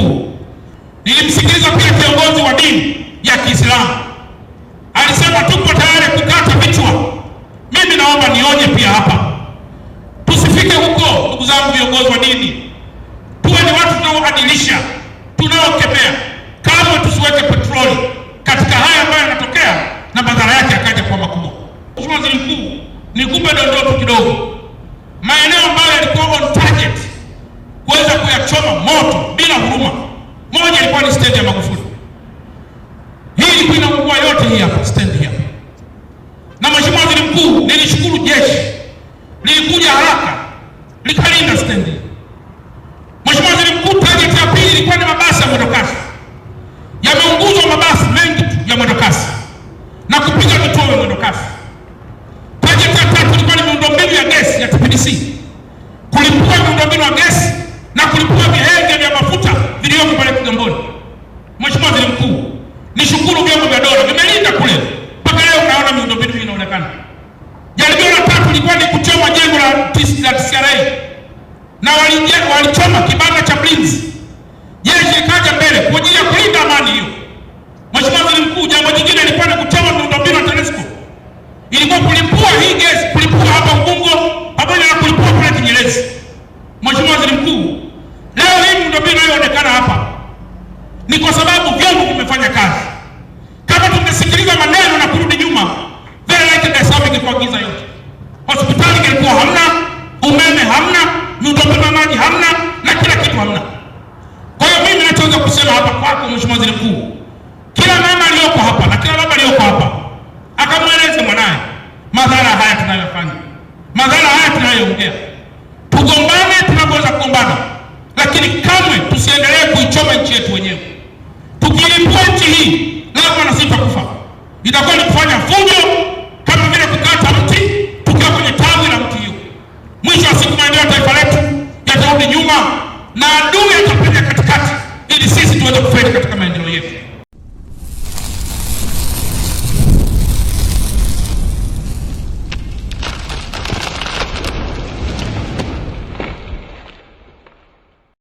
huo. Nilimsikiliza pia kiongozi wa dini ya Kiislamu alisema, tupo tayari kukata vichwa. Mimi naomba nionye pia hapa, tusifike huko, ndugu zangu viongozi wa dini, tuwe ni watu tunaoadilisha, tunaokemea, kama tusiweke petroli katika haya ambayo yanatokea na madhara yake akaja kwa makubwa. Mheshimiwa Waziri Mkuu, nikupe dondoo kidogo, maeneo ambayo yalikuwa huruma. Moja ilikuwa ni stendi ya Magufuli, hii ilikuwa inaugua yote hii hapa stendi hapa. Na mheshimiwa waziri mkuu, nilishukuru jeshi lilikuja haraka likalinda stendi. Mheshimiwa waziri mkuu, target ya pili ilikuwa ni mabasi ya mwendokasi. Yameunguzwa mabasi mengi ya mwendokasi na kupiga vituo vya mwendokasi. Target ya tatu ilikuwa ni miundombinu ya gesi ya TPDC, kulipua miundombinu ya gesi na kulipua kushukuru vyombo vya dola vimelinda kule mpaka leo, unaona miundombinu hii inaonekana. Jaribio la tatu ni kuchoma jengo la TCRA na walichoma kibanda cha jeshi mbele kwa ajili ya kulinda amani hiyo. Mheshimiwa Waziri Mkuu, jambo jingine ilikuwa ni kuchoma miundombinu ya TANESCO, ilikuwa kulipua hii gesi, kulipua hapa Ubungo pamoja na kulipua kule Kinyerezi. Mheshimiwa Waziri Mkuu, leo hii miundombinu inayoonekana hapa ni kwa sababu vyombo vimefanya kazi. mtapata maji hamna na kila kitu hamna. Kwa hiyo mimi nachoweza kusema hapa kwako Mheshimiwa Waziri Mkuu, kila mama aliyoko hapa na kila baba aliyoko hapa akamweleze mwanaye madhara haya tunayofanya, madhara haya tunayoongea. Tugombane tunapoweza kugombana, lakini kamwe tusiendelee kuichoma nchi yetu wenyewe. Tukilipua nchi hii, lazima na sisi tutakufa, itakuwa ni kufanya fujo na adui atapita katikati, ili sisi tuweze kufaidi katika maendeleo yetu.